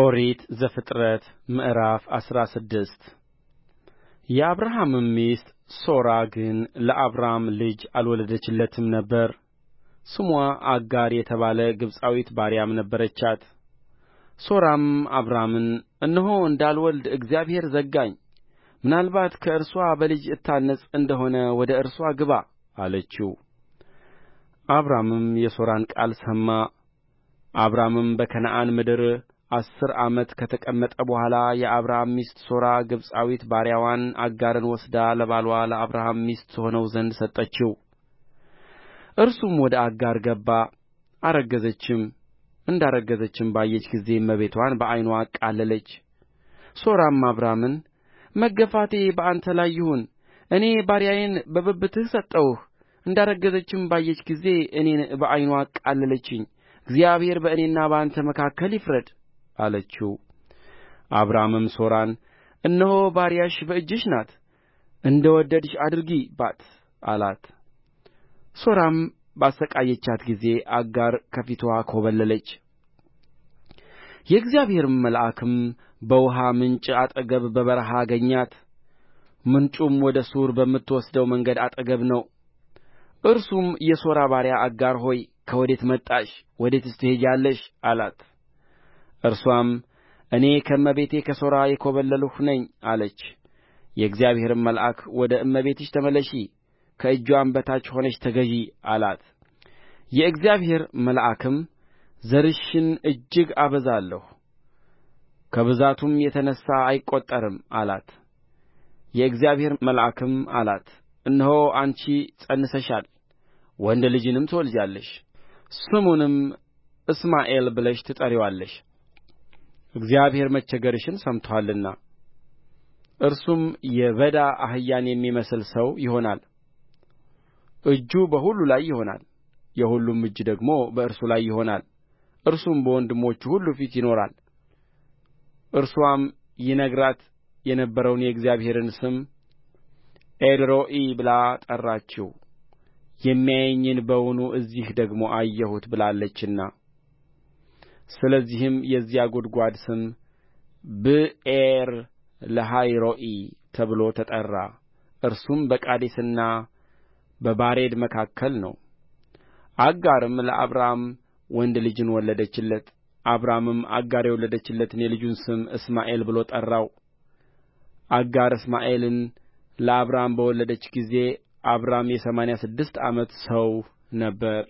ኦሪት ዘፍጥረት ምዕራፍ አስራ ስድስት የአብርሃምም ሚስት ሦራ ግን ለአብራም ልጅ አልወለደችለትም ነበር ስምዋ አጋር የተባለ ግብፃዊት ባሪያም ነበረቻት ሦራም አብራምን እነሆ እንዳልወልድ እግዚአብሔር ዘጋኝ ምናልባት ከእርስዋ በልጅ እታነጽ እንደሆነ ወደ እርስዋ ግባ አለችው አብራምም የሦራን ቃል ሰማ አብራምም በከነዓን ምድር አሥር ዓመት ከተቀመጠ በኋላ የአብራም ሚስት ሦራ ግብፃዊት ባሪያዋን አጋርን ወስዳ ለባልዋ ለአብርሃም ሚስት ትሆነው ዘንድ ሰጠችው እርሱም ወደ አጋር ገባ አረገዘችም እንዳረገዘችም ባየች ጊዜ እመቤትዋን በዓይንዋ አቃለለች ሦራም አብራምን መገፋቴ በአንተ ላይ ይሁን እኔ ባሪያዬን በብብትህ ሰጠሁህ እንዳረገዘችም ባየች ጊዜ እኔን በዓይንዋ አቃለለችኝ እግዚአብሔር በእኔና በአንተ መካከል ይፍረድ አለችው አብራምም ሦራን እነሆ ባሪያሽ በእጅሽ ናት እንደ ወደድሽ አድርጊባት አላት ሦራም ባሰቃየቻት ጊዜ አጋር ከፊትዋ ኮበለለች የእግዚአብሔርም መልአክም በውኃ ምንጭ አጠገብ በበረሃ አገኛት ምንጩም ወደ ሱር በምትወስደው መንገድ አጠገብ ነው እርሱም የሦራ ባሪያ አጋር ሆይ ከወዴት መጣሽ ወዴትስ ትሄጃለሽ አላት እርስዋም እኔ ከእመቤቴ ከሦራ የኮበለልሁ ነኝ አለች የእግዚአብሔርም መልአክ ወደ እመቤትሽ ተመለሺ ከእጅዋም በታች ሆነሽ ተገዢ አላት የእግዚአብሔር መልአክም ዘርሽን እጅግ አበዛለሁ ከብዛቱም የተነሣ አይቈጠርም አላት የእግዚአብሔር መልአክም አላት እነሆ አንቺ ፀንሰሻል ወንድ ልጅንም ትወልጃለሽ ስሙንም እስማኤል ብለሽ ትጠሪዋለሽ እግዚአብሔር መቸገርሽን ሰምቶአልና እርሱም የበዳ አህያን የሚመስል ሰው ይሆናል እጁ በሁሉ ላይ ይሆናል የሁሉም እጅ ደግሞ በእርሱ ላይ ይሆናል እርሱም በወንድሞቹ ሁሉ ፊት ይኖራል እርስዋም ይነግራት የነበረውን የእግዚአብሔርን ስም ኤልሮኢ ብላ ጠራችው የሚያየኝን በውኑ እዚህ ደግሞ አየሁት ብላለችና ስለዚህም የዚያ ጕድጓድ ስም ብኤር ለሃይሮኢ ተብሎ ተጠራ እርሱም በቃዴስና በባሬድ መካከል ነው አጋርም ለአብራም ወንድ ልጅን ወለደችለት አብራምም አጋር የወለደችለትን የልጁን ስም እስማኤል ብሎ ጠራው አጋር እስማኤልን ለአብራም በወለደች ጊዜ አብራም የሰማንያ ስድስት ዓመት ሰው ነበር።